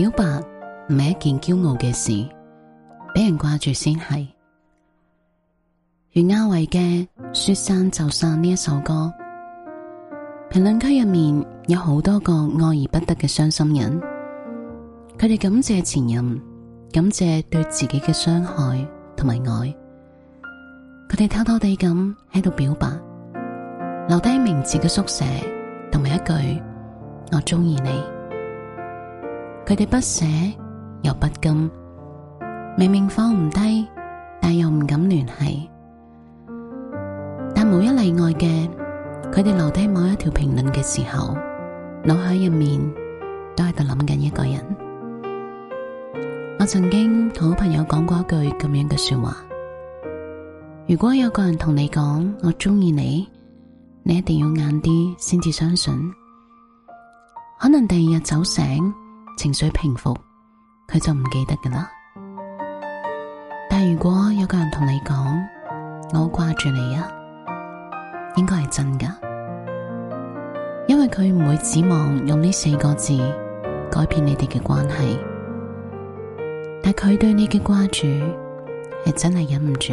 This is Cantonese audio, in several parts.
表白唔係一件驕傲嘅事，俾人掛住先係。袁婭維嘅《說散就散》呢一首歌，評論區入面有好多個愛而不得嘅傷心人，佢哋感謝前任，感謝對自己嘅傷害同埋愛，佢哋偷偷哋咁喺度表白，留低名字嘅宿舍同埋一句我中意你。佢哋不捨又不甘，明明放唔低，但又唔敢聯繫。但無一例外嘅，佢哋留低某一條評論嘅時候，腦海入面都喺度諗緊一個人。我曾經同好朋友講過一句咁樣嘅說話，如果有個人同你講我中意你，你一定要晏啲先至相信。可能第二日走醒。情緒平復，佢就唔記得噶啦。但如果有個人同你講我掛住你啊，應該係真噶，因為佢唔會指望用呢四個字改變你哋嘅關係。但佢對你嘅掛住係真係忍唔住。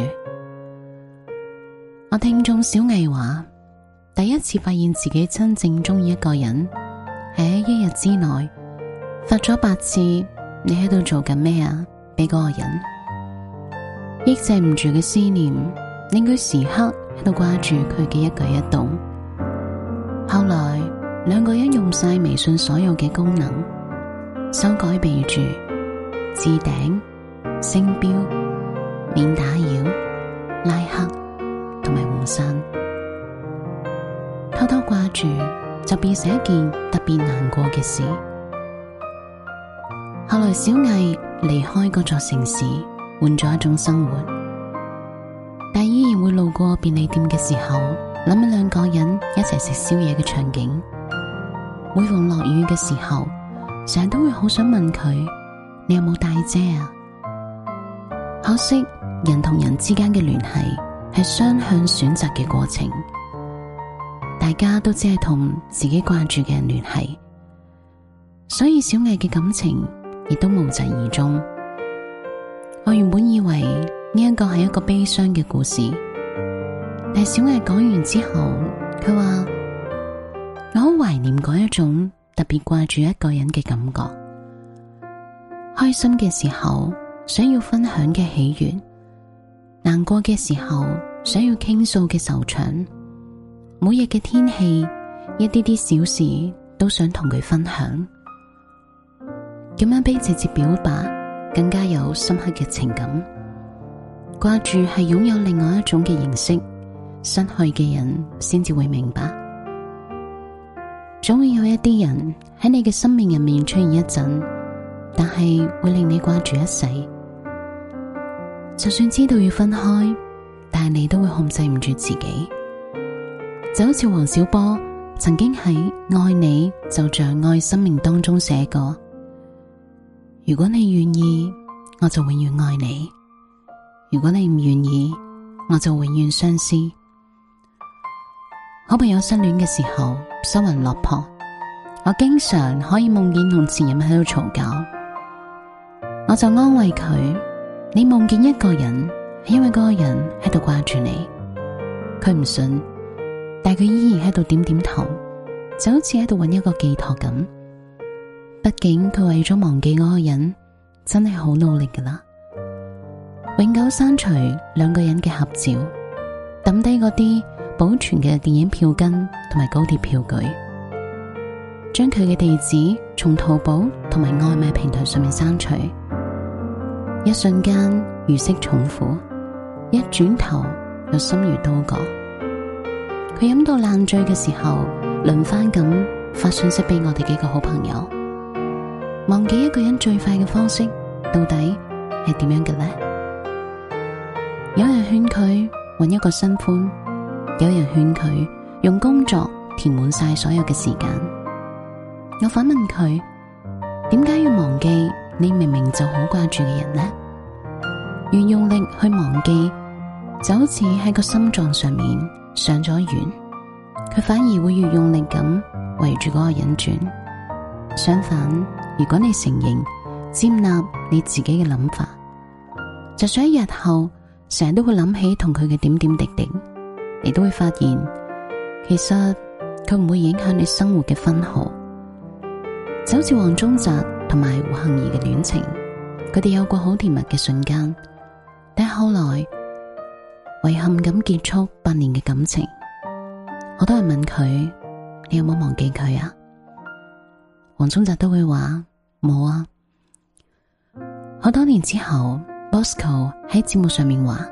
我聽眾小藝話，第一次發現自己真正中意一個人係喺一日之內。發咗八次，你喺度做緊咩啊？俾嗰個人抑制唔住嘅思念，令佢時刻喺度掛住佢嘅一舉一動。後來兩個人用晒微信所有嘅功能，修改備註、置頂、星標、免打擾、拉黑同埋互刪，偷偷掛住就變成一件特別難過嘅事。後來小藝離開嗰座城市，換咗一種生活，但依然會路過便利店嘅時候諗起兩個人一齊食宵夜嘅場景。每逢落雨嘅時候，成日都會好想問佢：你有冇帶遮啊？可惜人同人之間嘅聯繫係雙向選擇嘅過程，大家都只係同自己掛住嘅人聯繫，所以小藝嘅感情。亦都無疾而終。我原本以為呢一個係一個悲傷嘅故事，但小藝講完之後，佢話：我好懷念嗰一種特別掛住一個人嘅感覺。開心嘅時候，想要分享嘅喜悅；難過嘅時候，想要傾訴嘅愁腸。每日嘅天氣，一啲啲小事，都想同佢分享。咁樣比直接表白更加有深刻嘅情感，掛住係擁有另外一種嘅形式，失去嘅人先至會明白。總會有一啲人喺你嘅生命入面出現一陣，但係會令你掛住一世。就算知道要分開，但係你都會控制唔住自己。就好似王小波曾經喺《愛你就像愛生命》當中寫過。如果你願意，我就永遠愛你；如果你唔願意，我就永遠相思。好朋友失戀嘅時候，失魂落魄，我經常可以夢見同前任喺度嘈交，我就安慰佢：你夢見一個人，係因為嗰個人喺度掛住你。佢唔信，但佢依然喺度點點頭，就好似喺度揾一個寄託咁。畢竟佢為咗忘記嗰個人，真係好努力噶啦。永久刪除兩個人嘅合照，抌低嗰啲保存嘅電影票根同埋高鐵票據，將佢嘅地址從淘寶同埋外賣平台上面刪除。一瞬間如釋重負，一轉頭又心如刀割。佢飲到爛醉嘅時候，輪番咁發信息俾我哋幾個好朋友。忘記一個人最快嘅方式到底係點樣嘅咧？有人勸佢揾一個新歡，有人勸佢用工作填滿晒所有嘅時間。我反問佢：點解要忘記你明明就好掛住嘅人呢？越用力去忘記，就好似喺個心臟上面上咗弦，佢反而會越用力咁圍住嗰個人轉。相反。如果你承認接納你自己嘅諗法，就算一日後成日都會諗起同佢嘅點點滴滴，你都會發現其實佢唔會影響你生活嘅分毫。就好似黃宗澤同埋胡杏兒嘅戀情，佢哋有過好甜蜜嘅瞬間，但係後來遺憾咁結束八年嘅感情。好多人問佢：你有冇忘記佢啊？黃宗澤都會話冇啊，好多年之後，Bosco 喺節目上面話，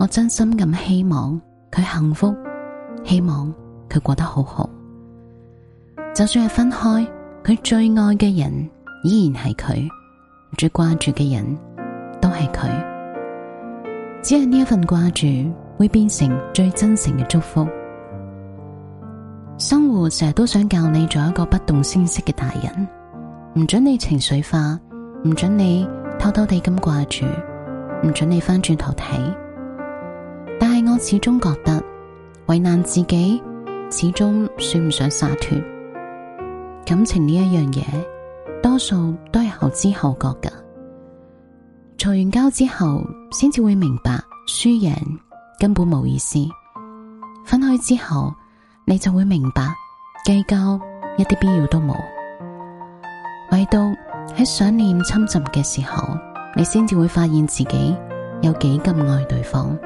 我真心咁希望佢幸福，希望佢過得好好。就算係分開，佢最愛嘅人依然係佢，最掛住嘅人都係佢，只係呢一份掛住會變成最真誠嘅祝福。生活成日都想教你做一個不動聲色嘅大人，唔准你情緒化，唔准你偷偷哋咁掛住，唔准你翻轉頭睇。但係我始終覺得為難自己，始終算唔上灑脫。感情呢一樣嘢，多數都係後知後覺噶。嘈完交之後，先至會明白輸贏根本冇意思。分開之後，你就會明白，計較一啲必要都冇，唯獨喺想念侵襲嘅時候，你先至會發現自己有幾咁愛對方。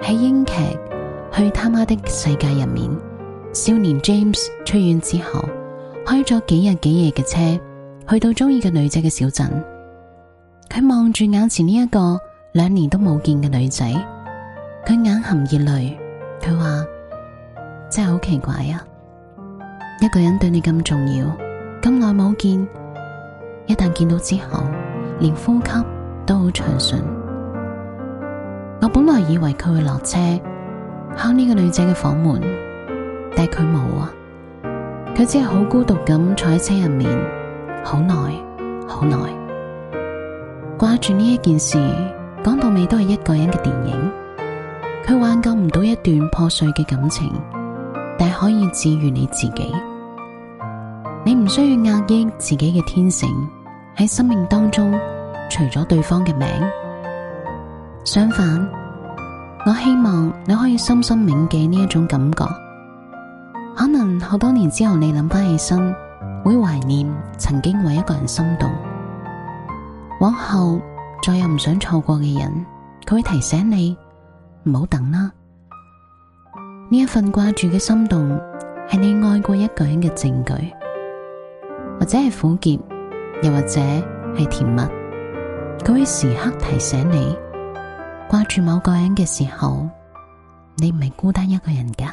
喺英劇《去他媽的世界》入面，少年 James 出院之後，開咗幾日幾夜嘅車，去到鍾意嘅女仔嘅小鎮。佢望住眼前呢一個兩年都冇見嘅女仔，佢眼含熱淚，佢話。真係好奇怪啊！一個人對你咁重要，咁耐冇見，一旦見到之後，連呼吸都好暢順。我本來以為佢會落車，敲呢個女仔嘅房門，但係佢冇啊，佢只係好孤獨咁坐喺車入面，好耐好耐，掛住呢一件事。講到尾都係一個人嘅電影，佢挽救唔到一段破碎嘅感情。但可以治癒你自己，你唔需要壓抑自己嘅天性喺生命當中，除咗對方嘅名。相反，我希望你可以深深銘記呢一種感覺。可能好多年之後，你諗翻起身，會懷念曾經為一個人心動。往後再有唔想錯過嘅人，佢會提醒你唔好等啦。呢一份掛住嘅心動，係你愛過一個人嘅證據，或者係苦澀，又或者係甜蜜，佢會時刻提醒你，掛住某個人嘅時候，你唔係孤單一個人噶。